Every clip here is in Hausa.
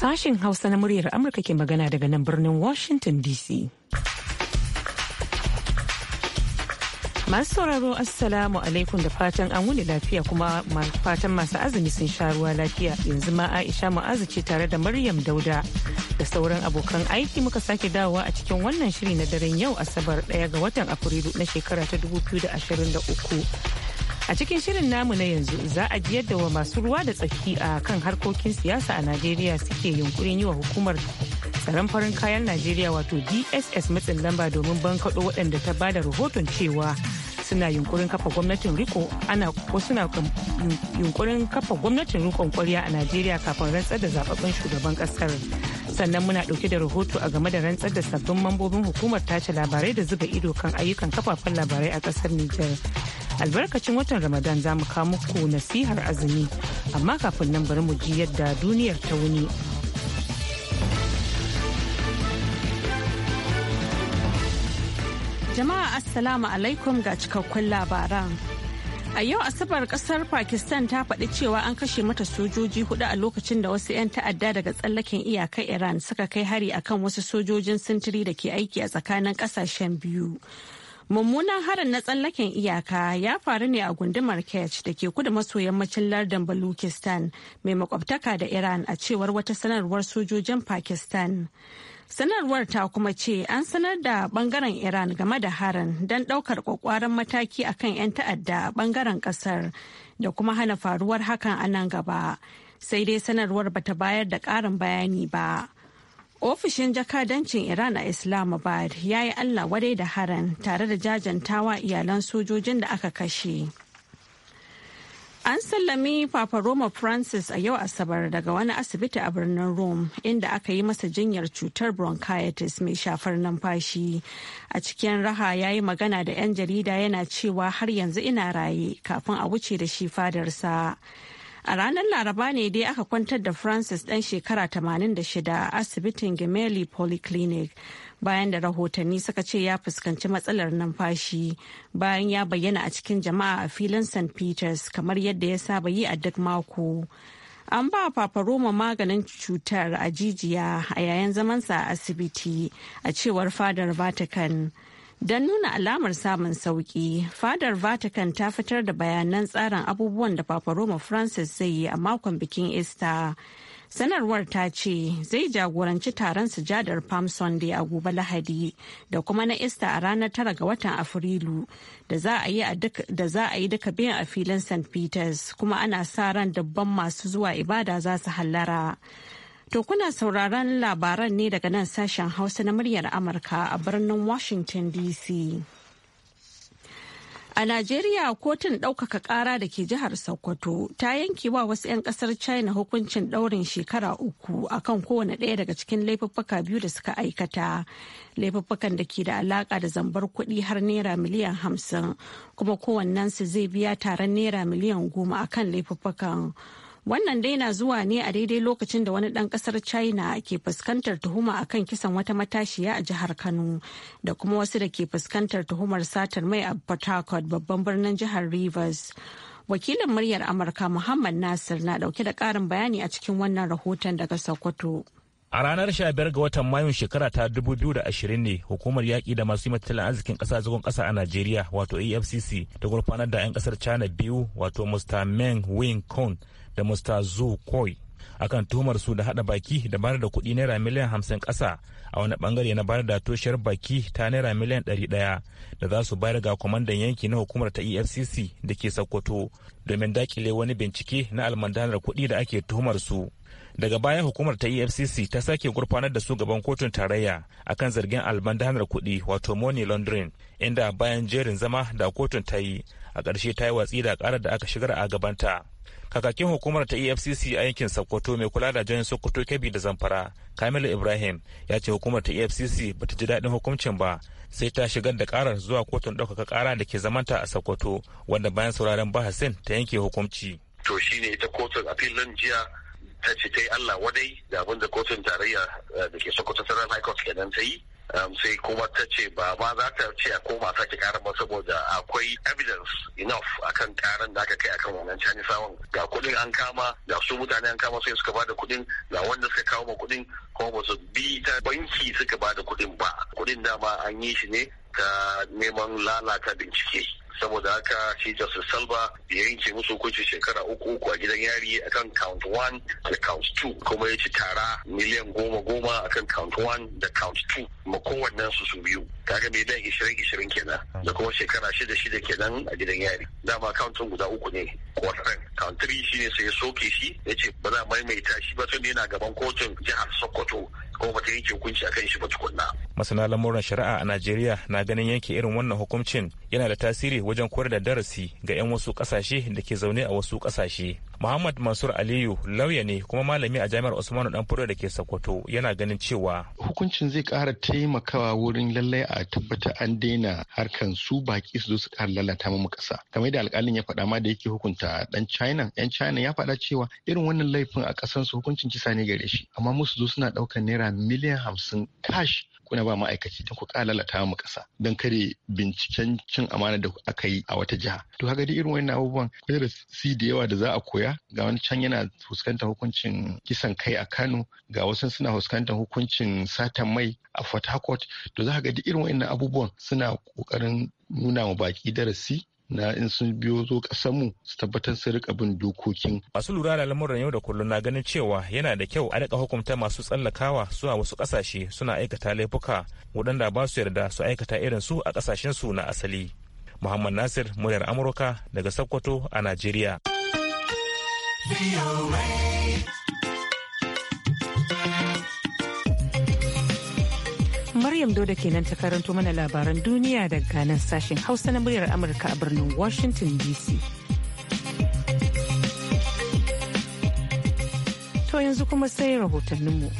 Sashen Hausa na muryar Amurka ke magana daga nan birnin Washington DC. Masu sauraro Assalamu alaikum da fatan an wuni lafiya kuma fatan masu azumi sun sha ruwa lafiya yanzu ma Aisha Mu'azu ce tare da Maryam Dauda da sauran abokan aiki muka sake dawowa a cikin wannan shiri na daren yau Asabar ɗaya ga watan Afrilu na shekara ta 2023. A cikin shirin namu na yanzu za a ji yadda wa masu ruwa da tsaki a kan harkokin siyasa a Najeriya suke yunkurin yi wa hukumar tsaron farin kayan Najeriya wato DSS matsin lamba domin bankaɗo waɗanda ta ba da rahoton cewa suna yunkurin kafa gwamnatin riko ana ko suna yunkurin kafa gwamnatin rikon kwarya a Najeriya kafin rantsar da zababben shugaban kasar. Sannan muna ɗauke da rahoto a game da rantsar da sabbin mambobin hukumar tace labarai da zuba ido kan ayyukan kafafen labarai a kasar Nijar. albarkacin watan ramadan za mu kawo muku nasihar azumi amma kafin nan bari mu ji yadda duniyar ta wuni jama'a assalamu alaikum ga cikakkun labaran a yau asabar kasar pakistan ta faɗi cewa an kashe mata sojoji hudu a lokacin da wasu 'yan ta'adda daga tsallaken iyakar iran suka kai hari akan wasu sojojin sintiri da ke aiki a tsakanin kasashen biyu mummunan harin na tsallaken iyaka ya faru ne a gundumar kech da ke kudu maso yammacin lardin balukistan mai makwabtaka da iran a cewar wata sanarwar sojojin pakistan sanarwar ta kuma ce an sanar da bangaren iran game da harin don daukar kwakwaran mataki akan 'yan ta'adda a bangaren kasar da kuma hana faruwar hakan a nan gaba sai dai sanarwar bata bayar da karin bayani ba. Ofishin jakadancin Iran a Islamabad ya yi Allah wadai da haran tare da jajantawa iyalan sojojin da aka kashe. An sallami Papa Roma Francis a yau Asabar daga wani asibiti a birnin Rome inda aka yi masa jinyar cutar bronchitis mai shafar numfashi. A cikin raha ya yi magana da 'yan jarida yana cewa har yanzu ina raye kafin a wuce da shi fadarsa. A ranar Laraba ne dai aka kwantar da Francis dan shekara 86 a asibitin Gemelli Polyclinic bayan da rahotanni suka ce ya fuskanci matsalar numfashi bayan ya bayyana a cikin jama'a a filin St. Peters kamar yadda ya saba yi a duk mako. An ba paparoma maganin cutar a jijiya a yayin zamansa a asibiti a cewar fadar Vatican. Don nuna alamar samun sauki, fadar Vatican ta fitar da bayanan tsarin abubuwan da Papa Roma Francis zai yi a makon bikin Easter. Sanarwar ta ce zai jagoranci taron sujadar Palm Sunday a gobe Lahadi da kuma na Easter a ranar tara ga watan Afrilu da za a yi duka biyan a filin St. Peters kuma ana sa ran dabban masu zuwa ibada za su hallara. To kuna sauraron labaran ne daga nan sashen Hausa na muryar Amurka a birnin Washington DC. A Najeriya kotun ɗaukaka ƙara da ke jihar Sokoto ta yanke wa wasu 'yan ƙasar China hukuncin ɗaurin shekara uku a kan kowane ɗaya daga cikin laifuffuka biyu da suka aikata. Laifuffukan da ke da alaƙa da zambar kuɗi har naira miliyan hamsin kuma kowannensu zai biya taron naira miliyan goma a kan laifuffukan. Wannan dai na zuwa ne a daidai lokacin da wani dan kasar China ke fuskantar tuhuma a kan kisan wata matashiya a jihar Kano da kuma wasu da ke fuskantar tuhumar satar mai a Port Harcourt babban birnin jihar Rivers. Wakilin muryar Amurka Muhammad Nasir na dauke da karin bayani a cikin wannan rahoton daga Sokoto. A ranar 15 ga watan Mayun shekara ta 2020 ne hukumar yaƙi da masu tattalin arzikin ƙasa zagon ƙasa a Najeriya wato afcc ta gurfanar da 'yan ƙasar China biyu wato Mr. Meng Wing Kong da Mr. Zu Koi akan tuhumar su da hada baki da bayar da kudi naira miliyan hamsin kasa a wani bangare na bayar da toshiyar baki ta naira miliyan dari daya da za su bayar ga kwamandan yanki na hukumar ta efcc da ke sokoto domin dakile wani bincike na almandanar kudi da ake tuhumar su daga baya hukumar ta efcc ta sake gurfanar da su gaban kotun tarayya akan zargin almandanar kudi wato money laundering inda bayan jerin zama da kotun ta yi a ƙarshe ta yi watsi da ƙarar da aka shigar a gabanta kakakin hukumar ta efcc a yankin sokoto mai kula da jan sokoto kebbi da zamfara kamilu ibrahim ya ce hukumar ta efcc ba ta ji daɗin hukuncin ba sai ta shigar da karar zuwa kotun ɗaukaka kara da ke zamanta a sokoto wanda bayan sauraron bahasin ta yanke hukunci to shine ita kotun a filin jiya ta ce ta yi allah wadai da abin da kotun tarayya eh, da ke sokoto federal high court kenan ta yi sai kuma ta ce ba ma za ta ce a koma sake karar ba saboda akwai evidence enough akan karan da aka kai akan wannan cani canisawan ga kudin an kama ga su mutane an kama sai suka bada kudin ga wanda suka kawo ma kudin kuma ba su bi ta banki suka bada kudin ba kudin dama an yi shi ne ta neman lalata bincike saboda haka shi justice salba ya yanke musu hukunci shekara uku uku a gidan yari akan count one da count two kuma ya ci tara miliyan goma goma akan count one da count two ma kowannen su su biyu kaga mai dan ishirin ishirin kenan da kuma shekara shida shida kenan a gidan yari dama countin guda uku ne kwatarin count three shine sai ya soke shi ya ce ba za maimaita shi ba tun yana gaban kotun jihar sokoto ko ba yanke hukunci akan shi ba tukunna. Masana lamuran shari'a a Najeriya na ganin yanke irin wannan hukuncin yana da tasiri wajen koyar da darasi ga 'yan wasu kasashe da ke zaune a wasu kasashe. Muhammad Mansur Aliyu lauya ne kuma malami a jami'ar usman dan Fure da ke Sokoto yana ganin cewa hukuncin zai kara taimakawa wurin lallai a tabbata an daina harkan su baki su zo su kara lalata mu kasa. Kamar da alkalin ya faɗa ma da yake hukunta ɗan China, ɗan China ya faɗa cewa irin wannan laifin a ƙasansu hukuncin kisa ne gare shi amma musu zo suna ɗaukar naira miliyan hamsin cash kuna ba ma'aikaci ta ku lalata mu kasa don kare binciken cin amana da aka yi a wata jiha to haka dai irin wannan abubuwan kuma da si da yawa da za a koya ga wani can yana fuskantar hukuncin kisan kai a Kano ga wasu suna fuskantar hukuncin satan mai a fort Harcourt to za ka ga duk irin wannan abubuwan suna kokarin nuna wa baki darasi na in sun biyo zo mu su tabbatar su rika bin dokokin. Masu lura da lamuran yau da kullum na ganin cewa yana da kyau a rika hukunta masu tsallakawa zuwa wasu ƙasashe suna aikata laifuka waɗanda ba su yarda su aikata irin su a kasashen su na asali. Muhammad Nasir muryar Amurka daga Sokoto a Najeriya. Maryam Doda kenan ta karanto mana labaran duniya da nan sashen Hausa na muryar Amurka a birnin Washington DC. To yanzu kuma sai rahotanninmu.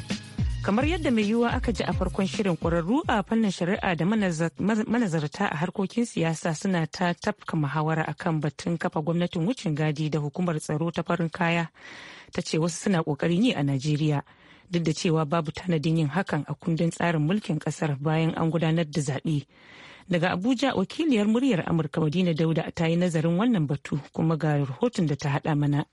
Kamar yadda mai yiwuwa aka ji a farkon shirin kwararru a fannin shari'a da manazarta a harkokin siyasa suna ta tafka muhawara a kan batun kafa gwamnatin wucin gadi da hukumar tsaro ta farin kaya ta ce wasu suna ƙoƙarin yi a Najeriya. duk da cewa babu tanadin yin hakan a kundin tsarin mulkin kasar bayan an gudanar da zaɓe. Daga Abuja wakiliyar muryar Amurka Madina Dauda ta yi nazarin wannan batu kuma ga rahoton da ta haɗa mana.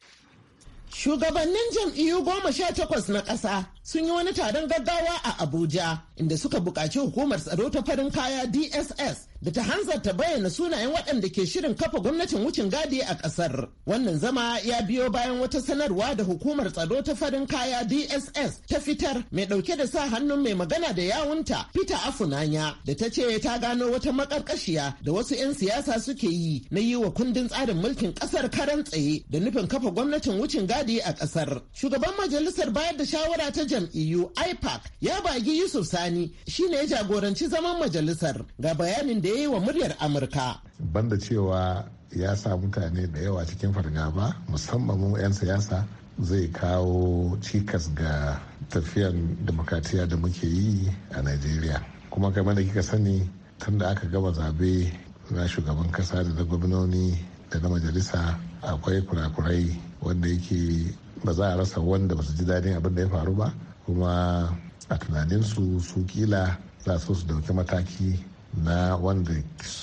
Shugabannin jam'iyyu goma sha takwas na ƙasa sun yi wani taron gaggawa a Abuja inda suka buƙaci hukumar tsaro ta farin kaya DSS da ta hanzarta bayyana sunayen waɗanda ke shirin kafa gwamnatin wucin gadi a ƙasar. Wannan zama ya biyo bayan wata sanarwa da hukumar tsaro ta farin kaya DSS ta fitar mai ɗauke da sa hannun mai magana da yawunta Peter Afunanya da ta ce ta gano wata maƙarƙashiya da wasu 'yan siyasa suke yi na yi wa kundin tsarin mulkin ƙasar karan tsaye da nufin kafa gwamnatin wucin gadi a ƙasar. Shugaban majalisar bayar da shawara ta jam'iyyu IPAC ya bagi Yusuf Sani shine ya jagoranci zaman majalisar ga bayanin da da ya yi wa muryar amurka banda cewa ya sa mutane da yawa cikin fargaba musamman mu 'yan siyasa zai kawo cikas ga tafiyan demokratiya da muke yi a najeriya kuma kamar da kika sani tun da aka gama zabe na shugaban kasa da na gwamnoni da na majalisa akwai kurakurai wanda yake ba za a rasa wanda ba su ji daɗin abin da ya faru ba kuma a tunaninsu su kila za su su dauki mataki na wanda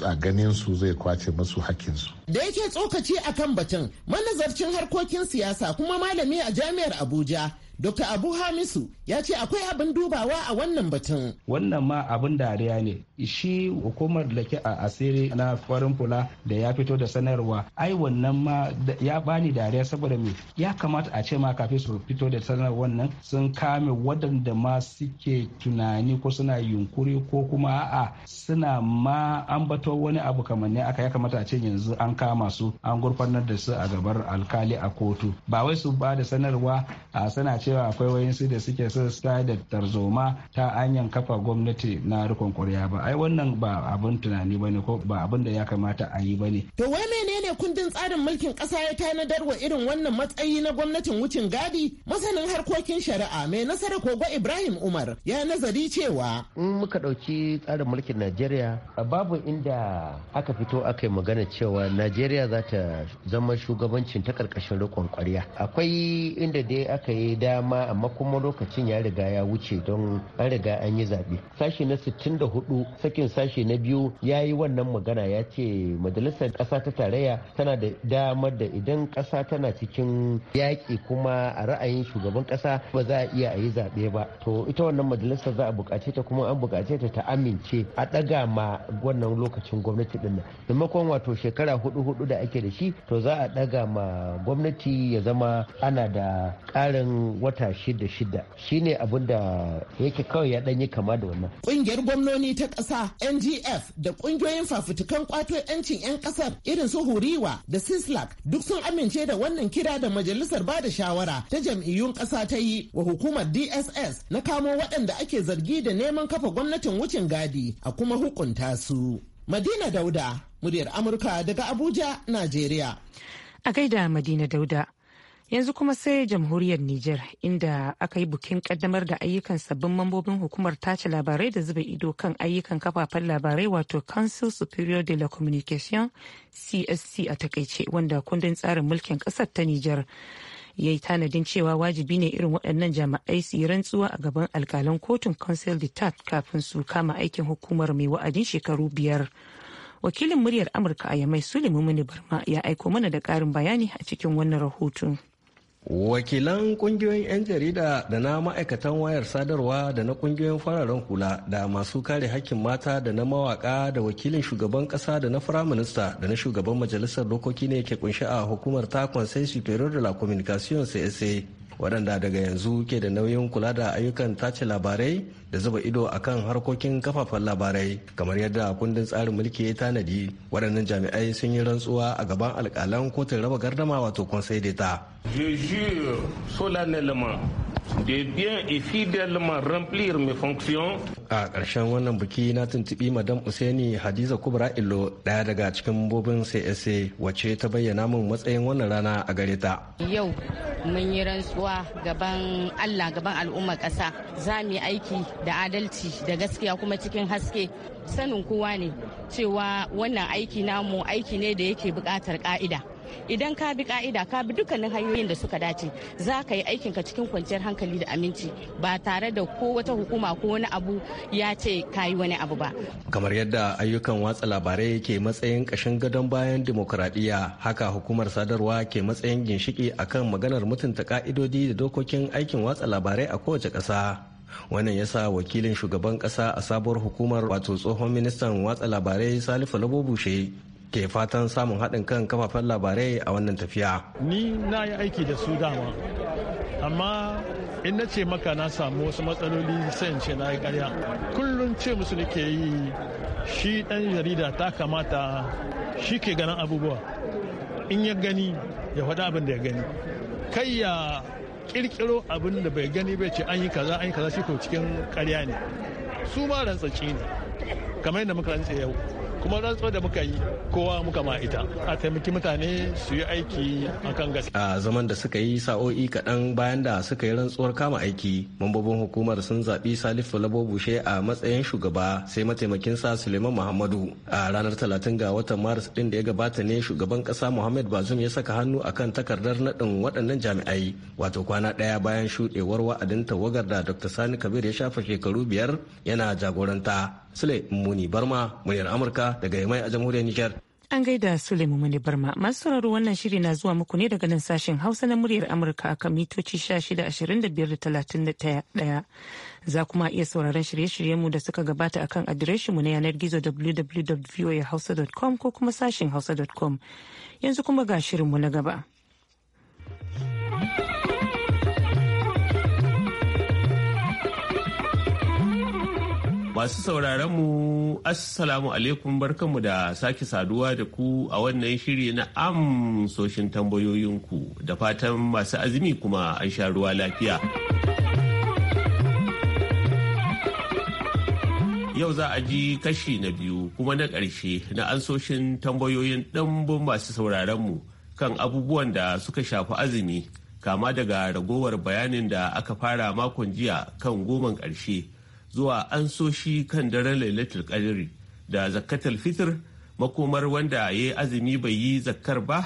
a ganin su zai kwace masu hakkinsu. Da yake tsokaci akan batun manazarcin harkokin siyasa kuma malami a jami'ar Abuja Dr. Abu Hamisu ya ce akwai abin dubawa a wannan batun. Wannan ma abin dariya ne. Shi hukumar lake a asiri na farin fula da ya fito da sanarwa. Ai wannan ma ya bani dariya saboda me ya kamata a ce ma kafin su fito da sanarwar wannan sun kame waɗanda ma suke tunani ko suna yunkuri ko kuma a suna ma ambato wani abu kamar ne aka ya kamata a ce yanzu an kama su an gurfanar da su a gabar alkali a kotu. Ba wai su ba da sanarwa a sana cewa akwai wayansu da suke son sa da tarzoma ta hanyar kafa gwamnati na rikon kwarya ba ai wannan ba abin tunani bane ko ba abin da ya kamata a yi bane to wai menene kundin tsarin mulkin kasa ya tanadar wa irin wannan matsayi na gwamnatin wucin gadi masanin harkokin shari'a mai nasara kogo Ibrahim Umar ya nazari cewa in muka dauki tsarin mulkin Najeriya babu inda aka fito aka yi magana cewa Najeriya za ta zama shugabancin ta karkashin rikon kwarya akwai inda dai aka yi da dama ma amma kuma lokacin ya riga ya wuce don an riga an yi zaɓe sashi na 64 sakin sashi na biyu ya yi wannan magana ya ce majalisar ƙasa ta tarayya tana da damar da idan ƙasa tana cikin yaƙi kuma a ra'ayin shugaban ƙasa ba za a iya a yi zaɓe ba to ita wannan majalisar za a buƙace ta kuma an buƙace ta ta amince a ɗaga ma wannan lokacin gwamnati ɗin nan maimakon wato shekara hudu hudu da ake da shi to za a ɗaga ma gwamnati ya zama ana da ƙarin wata shida shida shine abin da yake kawai ya danyi kama da wannan kungiyar gwamnoni ta ƙasa ngf da ƙungiyoyin fafutukan ƙwato yancin yan ƙasar irin su huriwa da sislak duk sun amince da wannan kira da majalisar ba da shawara ta jam'iyyun ƙasa ta yi wa hukumar dss na kamo waɗanda ake zargi da neman kafa gwamnatin wucin gadi a kuma hukunta su madina dauda muryar amurka daga abuja najeriya a gaida madina dauda yanzu kuma sai jamhuriyar nijar inda aka yi bukin kaddamar da ayyukan sabbin mambobin hukumar tace labarai da zuba ido kan ayyukan kafafen labarai wato council superior de la communication csc a takaice wanda kundin tsarin mulkin kasar ta nijar ya yi tanadin cewa wajibi ne irin waɗannan jami'ai su yi rantsuwa a gaban alkalan kotun council tat kafin su kama aikin hukumar mai wa'adin shekaru biyar wakilin muryar amurka a yamai sulimu mini barma ya aiko mana da ƙarin bayani a cikin wannan rahoton. wakilan kungiyoyin 'yan jarida da na ma'aikatan wayar sadarwa da na kungiyoyin fararen hula da masu kare hakkin mata da na mawaka da wakilin shugaban kasa da na firaminista da na shugaban majalisar dokoki ne ke kunshi a hukumar ta su superior de la communication csa waɗanda daga yanzu ke da nauyin kula da ayyukan tace labarai da zuba ido akan harkokin kafafen labarai kamar yadda kundin tsarin mulki ya tanadi waɗannan jami'ai sun yi rantsuwa a gaban alƙalan kotun raba gardama wato conseil d'etat je de bien et fidèlement remplir mes fonctions. A ƙarshen wannan biki na tuntubi Madam Usaini Hadiza Kubra Illo ɗaya daga cikin bobin CSA wacce ta bayyana min matsayin wannan rana a gare ta. Yau mun yi rantsuwa gaban Allah gaban al'ummar ƙasa za mu yi aiki da adalci da gaskiya kuma cikin haske sanin kowa ne cewa wannan aiki namu aiki ne da yake buƙatar ƙa'ida. idan ka bi ka'ida ka bi dukkanin hanyoyin da suka dace za ka yi ka cikin kwanciyar hankali da aminci ba tare da ko wata hukuma ko wani abu ya ce ka yi wani abu ba kamar yadda ayyukan watsa labarai ke matsayin kashin gadon bayan dimokuraɗiyya haka hukumar sadarwa ke matsayin ginshiki akan maganar mutunta ka'idodi da dokokin aikin watsa labarai a kowace ƙasa wannan yasa wakilin shugaban ƙasa a sabuwar hukumar wato tsohon ministan watsa labarai salifu labo bushe ke fatan samun haɗin kan kafafen labarai a wannan tafiya. Ni na yi aiki da su dama, amma in na ce maka na samu wasu matsaloli sayan ce na yi karya. Kullum ce musu nake yi shi ɗan jarida ta kamata shi ke ganin abubuwa. In ya gani ya faɗi abin da ya gani. Kai ya ƙirƙiro abin da bai gani bai ce an yi kaza an yi kaza shi ko cikin karya ne. Su ma rantsaci ne. Kamar yadda muka rantsa yau. kuma rantsuwar da muka yi kowa muka ma ita a taimaki mutane su yi aiki kan gaske. a zaman da suka yi sa'o'i kaɗan bayan da suka yi rantsuwar kama aiki mambobin hukumar sun zaɓi salifu bushe a matsayin shugaba sai mataimakin sa suleiman muhammadu a ranar talatin ga watan maris ɗin da ya gabata ne shugaban ƙasa muhammad bazum ya saka hannu akan takardar naɗin waɗannan jami'ai wato kwana ɗaya bayan shuɗewar wa'adin tawagar da dr sani kabir ya shafa shekaru biyar yana jagoranta Sule Muni Barma, muryar Amurka daga Yamai a jamhuriyar Nijar. An gaida Sule Muni Barma. Masu sauraro wannan shiri na zuwa muku ne daga nan sashen Hausa na muryar Amurka a akan mitoci 16 31 Za kuma iya sauraron shirye-shiryenmu da suka gabata akan adireshinmu na yanar gizo www.voahausa.com ko kuma sashen hausa.com. Yanzu kuma ga shirinmu na gaba. Masu sauraron mu Assalamu alaikum barkanmu da sake saduwa da ku a wannan shiri na amsoshin tambayoyinku da fatan masu azumi kuma an sha ruwa lafiya. Yau za a ji kashi na biyu kuma na ƙarshe na ansoshin tambayoyin ɗanbun masu mu kan abubuwan da suka shafi azumi kama daga ragowar bayanin da aka fara makon jiya kan goman ƙarshe. zuwa an so shi kan daren lailatul kadiri da zakatul fitr makomar wanda ya azumi bai yi zakkar ba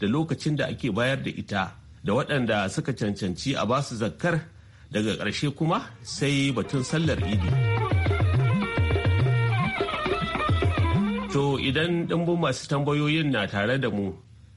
da lokacin da ake bayar da ita da waɗanda suka cancanci a basu zakkar daga ƙarshe kuma sai batun sallar idi. To idan ɗanbun masu tambayoyin na tare da mu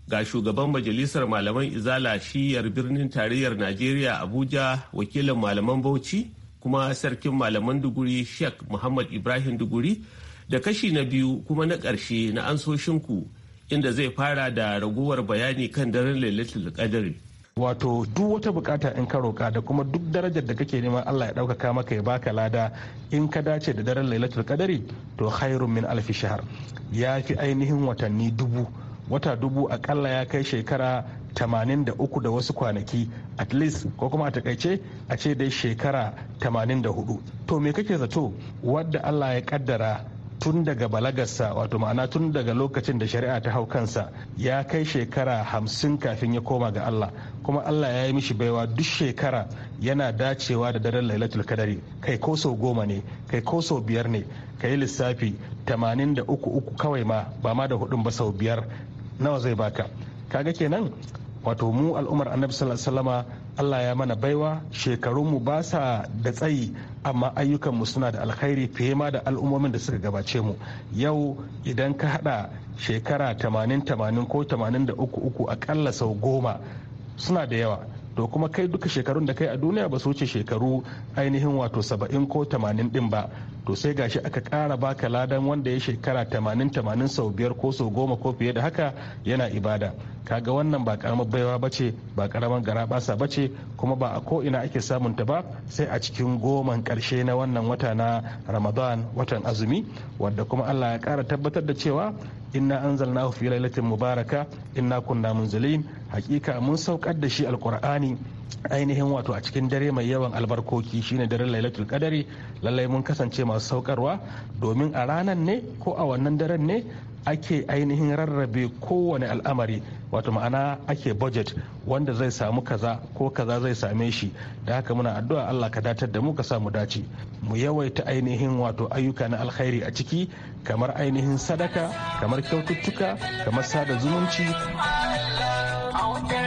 ga shugaban majalisar malaman izala shiyar birnin tarayyar Najeriya Abuja wakilin malaman Bauchi kuma sarkin malaman duguri sheikh muhammad ibrahim duguri da kashi na biyu kuma na ƙarshe na ansoshin ku inda zai fara da raguwar bayani kan daren lailatul qadri wato duk wata bukata in ka roka da kuma duk darajar da kake neman Allah ya ɗaukaka maka ya baka lada in ka dace da daren lailatul qadari to khairun min alfi shahar ya fi ainihin watanni dubu wata dubu akalla ya kai shekara 83 da wasu kwanaki at least ko kuma a takaice a ce dai shekara 84 to me kake zato wadda allah ya kaddara tun daga balagarsa wato ma'ana tun daga lokacin da shari'a ta hau kansa ya kai shekara hamsin kafin ya koma ga Allah kuma Allah ya yi mishi baiwa duk shekara yana dacewa da daren lailatul kadari kai ko sau goma ne kai ko sau biyar ne ka yi lissafi tamanin da uku uku kawai ma ba ma da hudun ba sau biyar nawa zai baka kaga kenan wato mu al'ummar annabi sallallahu Allah ya mana baiwa shekarunmu ba sa da tsayi amma ayyukan mu suna da alkhairi fiye ma da al'ummomin da suka gabace mu yau idan ka hada shekara 80 80 ko 83 akalla sau goma suna da yawa to kuma kai duka shekarun da kai a duniya ba su wuce shekaru ainihin wato saba'in ko tamanin din ba to sai gashi aka kara baka ladan wanda ya shekara tamanin tamanin sau biyar ko sau goma ko fiye da haka yana ibada kaga wannan ba karamar baiwa ba ce ba karamar garabasa ba ce kuma ba a ko ina ake samun ta ba sai a cikin goman karshe na wannan wata na ramadan watan azumi wadda kuma allah ya kara tabbatar da cewa inna anzalnahu fi lailatin mubaraka inna kunna munzalin hakika mun saukar da shi alqur'ani ainihin wato a cikin dare mai yawan albarkoki shine daren lailatul kadari lallai mun kasance masu saukarwa domin a ranan ne ko a wannan daren ne ake ainihin rarrabe kowane al'amari wato ma'ana ake budget wanda zai samu kaza ko kaza zai same shi da haka muna addu'a Allah ka datar da mu ka samu dace mu yawaita ainihin wato ayyuka na alkhairi a ciki kamar ainihin sadaka kamar kyaututtuka kamar sada zumunci a cikin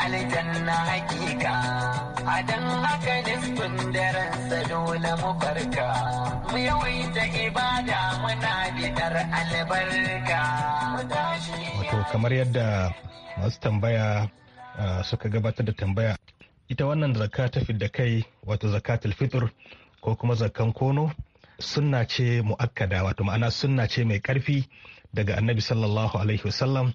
ne na hakika ibada muna bidar albarka wato kamar yadda masu tambaya suka gabatar da tambaya ita wannan zakka ta fidda kai wato zakatul fitr ko kuma zakkan kono sunna ce mu'akkada wato ma'ana sunna ce mai karfi daga annabi sallallahu alaihi wasallam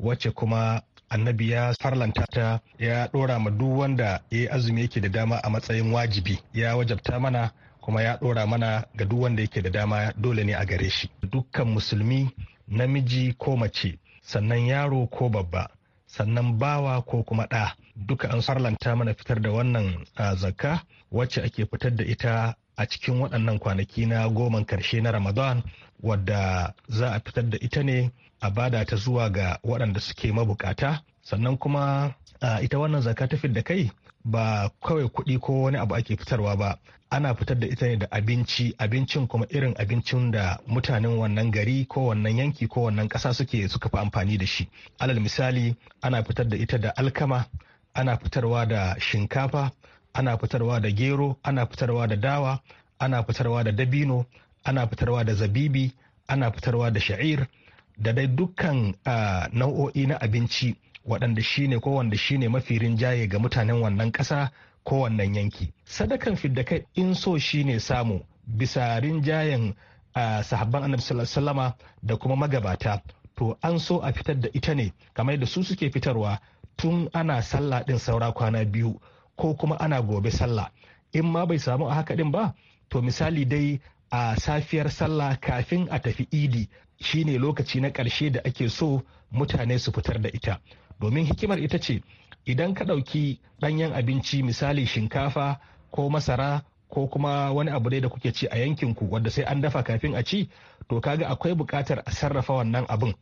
wacce kuma annabi ya farlanta ta ya dora ma duk wanda ya azumi yake da dama a matsayin wajibi ya wajabta mana kuma ya dora mana ga duk wanda yake da dama dole ne a gare shi dukkan musulmi namiji ko mace sannan yaro ko babba sannan bawa ko kuma ɗa duka an farlanta mana fitar da wannan zakka wacce ake fitar da ita a cikin waɗannan kwanaki na goman karshe na ramadan wadda za a fitar da ita ne a bada ta zuwa ga waɗanda suke mabukata sannan kuma ita wannan zakka ta da kai ba kawai kuɗi ko wani abu ake fitarwa ba ana fitar da ita ne da abinci abincin kuma irin abincin da mutanen wannan gari ko wannan yanki ko wannan ƙasa suke suka fi amfani da shi alal misali ana fitar da ita da alkama ana fitarwa da shinkafa ana fitarwa da gero ana fitarwa da dawa ana fitarwa da dabino ana fitarwa da zabibi ana fitarwa da sha'ir da dai dukkan nau'o'i na abinci waɗanda shi ne ko wanda shi ne mafi rinjaye ga mutanen wannan ƙasa ko wannan yanki sadakan fidda kai in so shi ne samu bisa rinjayen sahabban annabi sallama da kuma magabata to an so a fitar da ita ne kamar da su suke fitarwa tun ana sallah din saura kwana biyu ko kuma ana gobe sallah in ma bai samu a haka din ba to misali dai a safiyar sallah kafin a tafi idi shine lokaci na ƙarshe da ake so mutane su fitar da ita domin hikimar ita ce idan ka ɗauki ɗanyen abinci misali shinkafa ko masara ko kuma wani abu dai da kuke ci a yankinku wadda sai an dafa kafin a ci to kaga akwai buƙatar a sarrafa wannan abin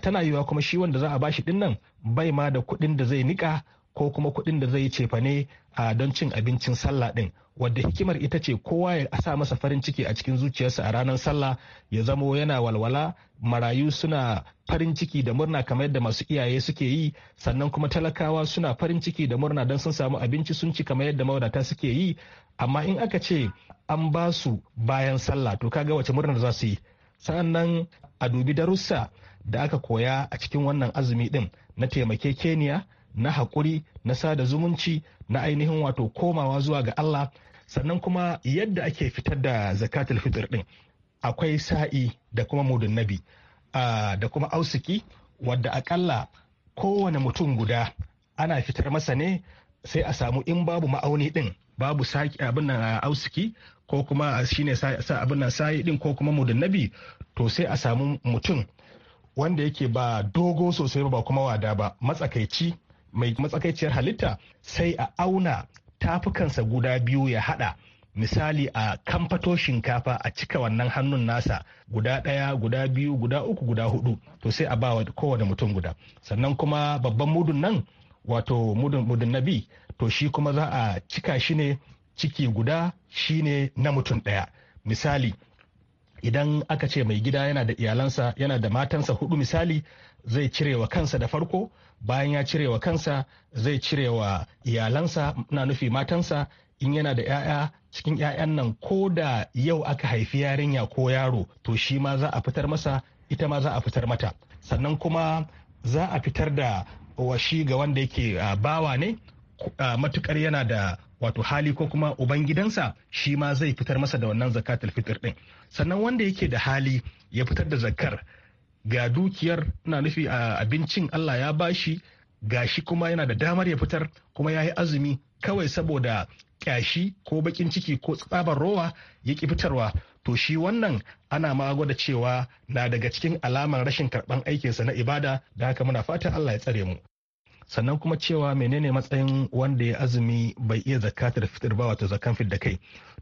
tana yiwuwa kuma shi wanda za a bashi ɗin nan bai ma da kuɗin da zai niƙa ko kuma kuɗin da zai cefa ne a don cin abincin sallah ɗin wadda hikimar ita ce kowa ya sa masa farin ciki a cikin zuciyarsa a ranar sallah ya zamo yana walwala marayu suna farin ciki da murna kamar yadda masu iyaye suke yi sannan kuma talakawa suna farin ciki da murna don sun samu abinci sun ci kamar yadda mawadata suke yi amma in aka ce an ba su bayan sallah to kaga wace murnar za su yi Sannan a dubi darussa da aka koya a cikin wannan azumi din na taimakekeniya na haƙuri na sada zumunci na ainihin wato komawa zuwa ga Allah sannan kuma yadda ake fitar da zakatul fitr din akwai sa'i da kuma mudun nabi da kuma ausiki wadda akalla kowane mutum guda ana fitar masa ne sai a samu in babu ma'auni din babu saki abin nan ausiki ko kuma shine sa abin nan sa'i din ko kuma mudun nabi to sai a samu mutum wanda yake ba dogo sosai ba kuma wada ba matsakaici mai matsakaiciyar halitta sai a auna tafukansa guda biyu ya hada misali a kamfato shinkafa a cika wannan hannun nasa guda ɗaya guda biyu guda uku guda hudu to sai a bawa kowane mutum guda sannan kuma babban mudun nan wato mudun mudun bi to shi kuma za a cika shi ne ciki guda shi ne na mutum ɗaya misali idan aka ce mai gida yana da iyalansa yana da matansa hudu misali zai cire wa kansa da farko bayan ya cire wa kansa zai cire wa iyalansa na nufi matansa in yana da 'ya'ya cikin 'ya'yan nan ko da yau aka haifi yarinya ko yaro to shi ma za a fitar masa ita ma za a fitar mata sannan kuma za a fitar da washi ga wanda yake bawa ne matukar yana da wato hali ko kuma ubangidansa shi ma zai fitar masa da wannan zakatul fitr din sannan wanda yake da hali ya fitar da zakar ga dukiyar na nufi a abincin Allah ya bashi ga shi kuma yana da damar ya fitar kuma ya yi azumi kawai saboda kyashi ko bakin ciki ko tsabar rowa ya ki fitarwa to shi wannan ana ma gwada cewa na daga cikin alamar rashin karban aikinsa na ibada da haka muna fatan Allah ya tsare mu sannan kuma cewa menene matsayin wanda ya azumi bai iya zakatar fitar ba wata zakan fit da kai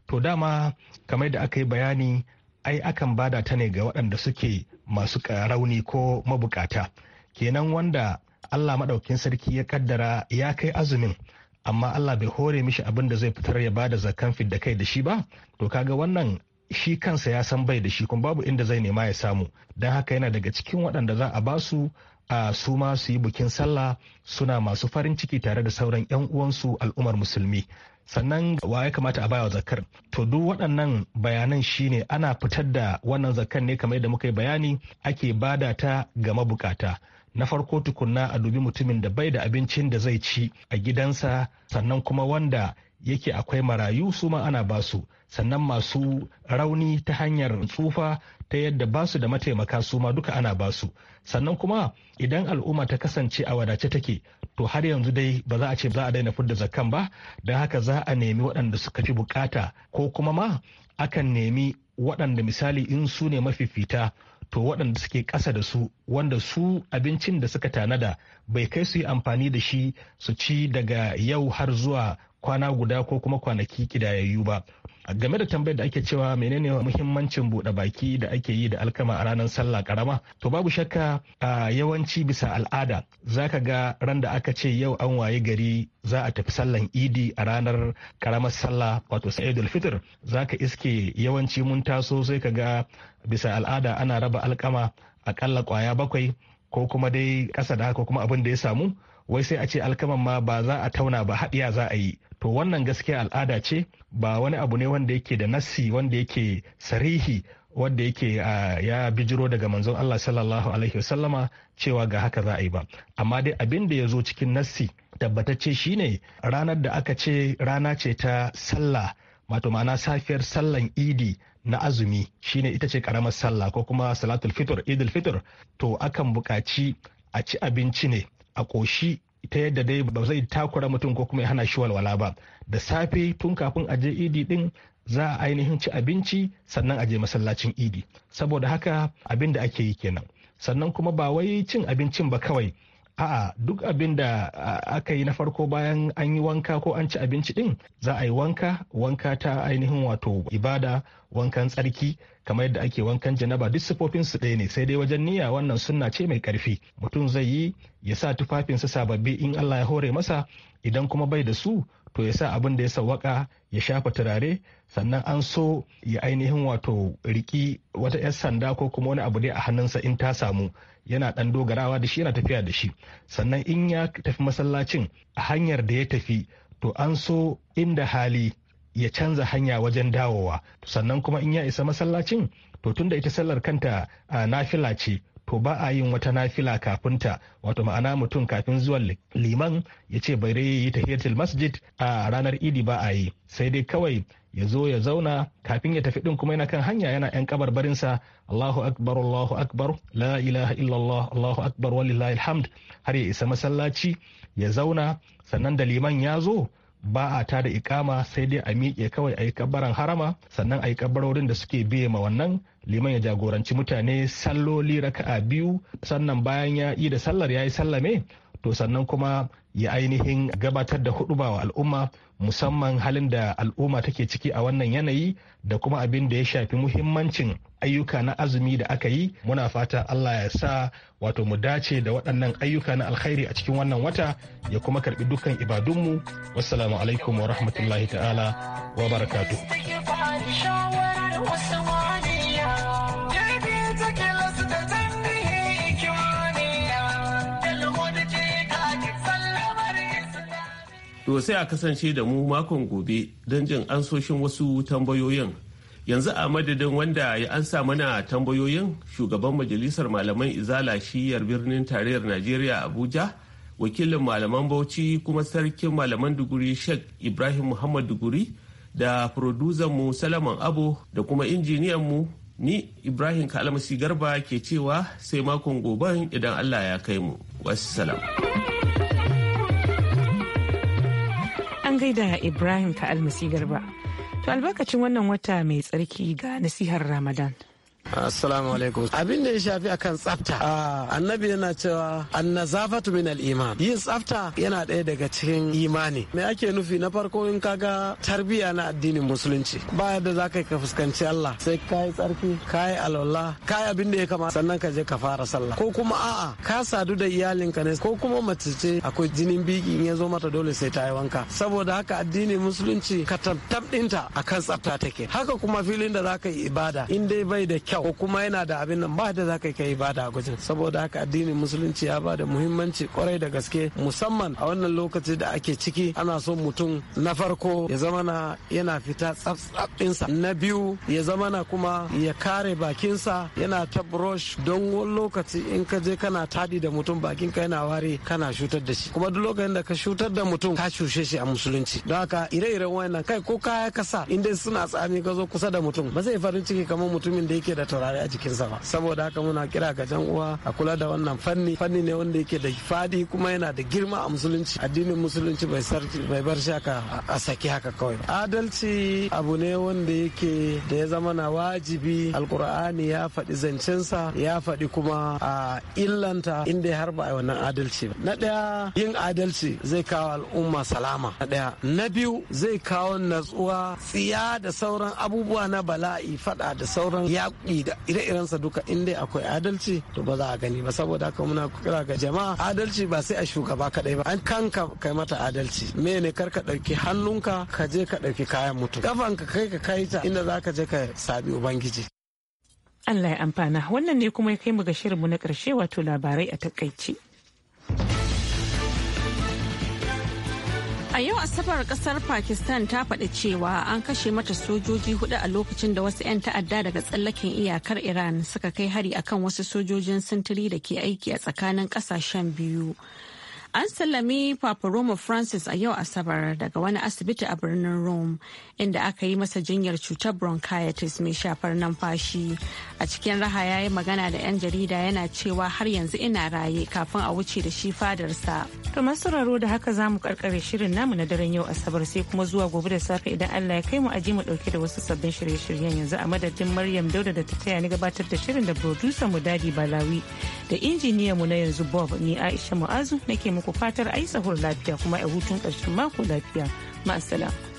to dama kamar da aka yi bayani ai akan bada ta ne ga waɗanda suke masu rauni ko mabukata kenan wanda allah maɗaukin sarki ya kaddara ya kai azumin amma allah bai hore mishi abin da zai fitar ya bada zakan da kai da shi ba to kaga wannan shi kansa ya san bai da shi kuma babu inda zai nema ya samu don haka yana daga cikin waɗanda za a basu a su ma su yi bukin sallah suna masu farin ciki tare da sauran 'yan uwansu al'ummar musulmi sannan wa ya kamata a bawa zakar to duk waɗannan bayanan shine ana fitar da wannan zakar ne kamar yadda muka yi bayani ake bada ta ga mabukata na farko tukunna a dubi mutumin da bai da abincin da zai ci a gidansa sannan kuma wanda yake akwai marayu su ma ana basu sannan masu rauni ta hanyar tsufa ta yadda basu da mataimaka su ma duka ana basu sannan kuma idan al'umma ta kasance a wadace take to har yanzu dai ba za a ce za a daina fudda zakan ba don haka za a nemi waɗanda suka fi bukata ko kuma ma akan nemi waɗanda misali in su ne mafifita to waɗanda suke ƙasa da su wanda su abincin da suka tanada bai kai su yi amfani da shi su ci daga yau har zuwa kwana guda ko kuma kwanaki kidayayyu ba game da tambayar da ake cewa menene muhimmancin buɗe baki da ake yi da alkama a ranar sallah karama to babu shakka a yawanci bisa al'ada zaka ga ran da aka ce yau an waye gari za a tafi sallan idi a ranar karamar sallah wato sa'idul fitr zaka iske yawanci mun taso sai ka ga bisa al'ada ana raba alkama a akalla kwaya bakwai ko kuma dai kasa da haka kuma abin da ya samu wai sai a ce alkaman ma ba za a tauna ba haɗiya za a yi to wannan gaskiya al'ada ce ba wani abu ne wanda yake da nassi wanda yake sarihi wanda yake ya bijiro daga manzon Allah sallallahu alaihi wasallama cewa ga haka za a yi ba amma dai abin da ya zo cikin nassi tabbatacce shine ranar da aka ce rana ce ta sallah wato ma'ana safiyar sallan idi na azumi shine ita ce karamar sallah ko kuma salatul fitr idul fitr to akan buƙaci a ci abinci ne a ƙoshi ta yadda dai ba zai takura mutum ko kuma ya hana shi walwala ba da safe tun kafin a je idi din za a ainihin ci abinci sannan a je masallacin idi saboda haka abin da ake yi kenan sannan kuma ba wai cin abincin ba kawai a'a duk abin da aka yi na farko bayan an yi wanka ko an ci abinci din za a yi wanka wanka ta ainihin wato ibada wankan tsarki kamar yadda ake wankan janaba duk sifofin su ɗaya ne sai dai wajen niyya wannan sunna ce mai karfi mutum zai yi ya sa tufafinsa sababbi in Allah ya hore masa idan kuma bai da su to ya sa abin da ya sawaka ya shafa turare sannan an so ya ainihin wato riki wata 'yar sanda ko kuma wani abu dai a hannunsa in ta samu yana dan dogarawa da shi yana tafiya da shi sannan in ya tafi masallacin a hanyar da ya tafi to an so inda hali ya canza hanya wajen dawowa sannan kuma in ya isa masallacin to tunda ita sallar kanta a nafila ce to ba a yin wata nafila kafin ta wato ma'ana mutum kafin zuwa liman ya ce bai yi tahiyatul masjid a ranar idi ba a yi sai dai kawai ya zo ya zauna kafin ya tafi din kuma yana kan hanya yana yan kabarbarinsa Allahu akbar Allahu akbar la ilaha illallah Allahu akbar walillahi alhamd har ya isa masallaci ya zauna sannan da liman ya zo ba a da ikama sai dai a miƙe kawai a yi harama sannan a yi da suke biye ma wannan liman ya jagoranci mutane salloli raka'a biyu sannan bayan ya yi da sallar ya yi sallame to sannan kuma ya ainihin gabatar da huduba wa al'umma musamman halin da al'umma take ciki a wannan yanayi da kuma abin da ya shafi muhimmancin ayyuka na azumi da aka yi muna fata Allah ya sa wato mu dace da waɗannan ayyuka na alkhairi a cikin wannan wata ya kuma karbi dukkan ibadunmu wassalamu alaikum wa rahmatullahi ta'ala wa barakatuh To sai a kasance da mu makon gobe don jin ansoshin wasu tambayoyin. Yanzu a madadin wanda ya ansa mana tambayoyin shugaban majalisar malaman izala shiyar birnin tarayyar Najeriya Abuja, wakilin malaman Bauchi kuma sarkin malaman Duguri Sheikh Ibrahim Muhammad Duguri da mu Salaman Abo da kuma injiniyan mu ni Ibrahim Kalamasi Garba ke cewa sai makon goben idan Allah ya kai mu. Wassalam. da Ibrahim ka almasi garba. To albarkacin wannan wata mai tsarki ga nasihar Ramadan. Assalamu alaikum. Abin da ya shafi akan tsafta. Ah. Annabi yana cewa annazafatu min al-iman. Yin tsafta yana ɗaya daga cikin imani. Me ake nufi na farko in kaga tarbiya na addinin musulunci. Ba yadda za ka ka fuskanci Allah sai ka yi tsarki, ka yi alwala, ka yi abin da ya kamata sannan ka je ka fara sallah. Ko kuma a'a ka sadu da iyalin ka ne ko kuma mace ce akwai jinin biki in ya zo mata dole sai ta yi wanka. Saboda haka addinin musulunci ka tamtam ɗinta akan tsafta take. Haka kuma filin da za ka yi ibada in dai bai da kyau ko kuma yana da abin nan ba da za ka yi ibada gujin saboda haka addinin musulunci ya ba da muhimmanci kwarai da gaske musamman a wannan lokaci da ake ciki ana so mutum na farko ya zamana yana fita tsaf na biyu ya zama zamana kuma ya kare bakinsa yana ta brush don wani lokaci in ka je kana tadi da mutum bakinka yana ware kana shutar da shi kuma duk lokacin da ka shutar da mutum ka cushe shi a musulunci don haka ire-iren wayannan kai ko kaya kasa inda suna tsami ka zo kusa da mutum ba zai farin ciki kamar mutumin da yake da da taurari a sa ba saboda haka muna kira ga jan uwa a kula da wannan fanni fanni ne wanda yake da fadi kuma yana da girma a musulunci addinin musulunci bai sarki bai bar shi haka a saki haka kawai adalci abu ne wanda yake da ya zama na wajibi alkur'ani ya faɗi zancensa ya faɗi kuma a illanta inda har ba a wannan adalci ba na ɗaya yin adalci zai kawo al'umma salama na ɗaya na biyu zai kawo natsuwa tsiya da sauran abubuwa na bala'i faɗa da sauran yaƙi zaɓi da ire-irensa duka in dai akwai adalci to ba za a gani ba saboda haka muna kira ga jama'a adalci ba sai a shugaba kaɗai ba an kanka kai mata adalci me ne kar ka ɗauki hannunka ka je ka ɗauki kayan mutum kafanka kai ka kai ta inda za ka je ka sabi ubangiji Allah ya amfana wannan ne kuma ya kai mu ga shirinmu na ƙarshe wato labarai a takaici. A yau Asabar kasar Pakistan ta faɗi cewa an kashe mata sojoji hudu a lokacin da wasu 'yan ta'adda daga tsallaken iyakar Iran suka kai hari akan wasu sojojin sintiri da ke aiki a tsakanin ƙasashen biyu. An sallami Papa Roma Francis a yau Asabar daga wani asibiti a birnin Rome inda aka yi masa jinyar cutar bronchitis mai shafar numfashi. A cikin raha ya yi magana da 'yan jarida yana cewa har yanzu ina raye kafin a wuce da shi fadarsa. To sauraro da haka za mu karkare shirin namu na daren yau Asabar sai kuma zuwa gobe da safe idan Allah ya kai mu aji mu dauke da wasu sabbin shirye-shiryen yanzu a madadin Maryam Dauda da ta taya ni gabatar da shirin da producer mu Dadi Balawi da injiniyan mu na yanzu Bob ni Aisha Mu'azu nake muku muku fatar ai sahur lafiya kuma a hutun ƙarshen mako lafiya. Ma'asala.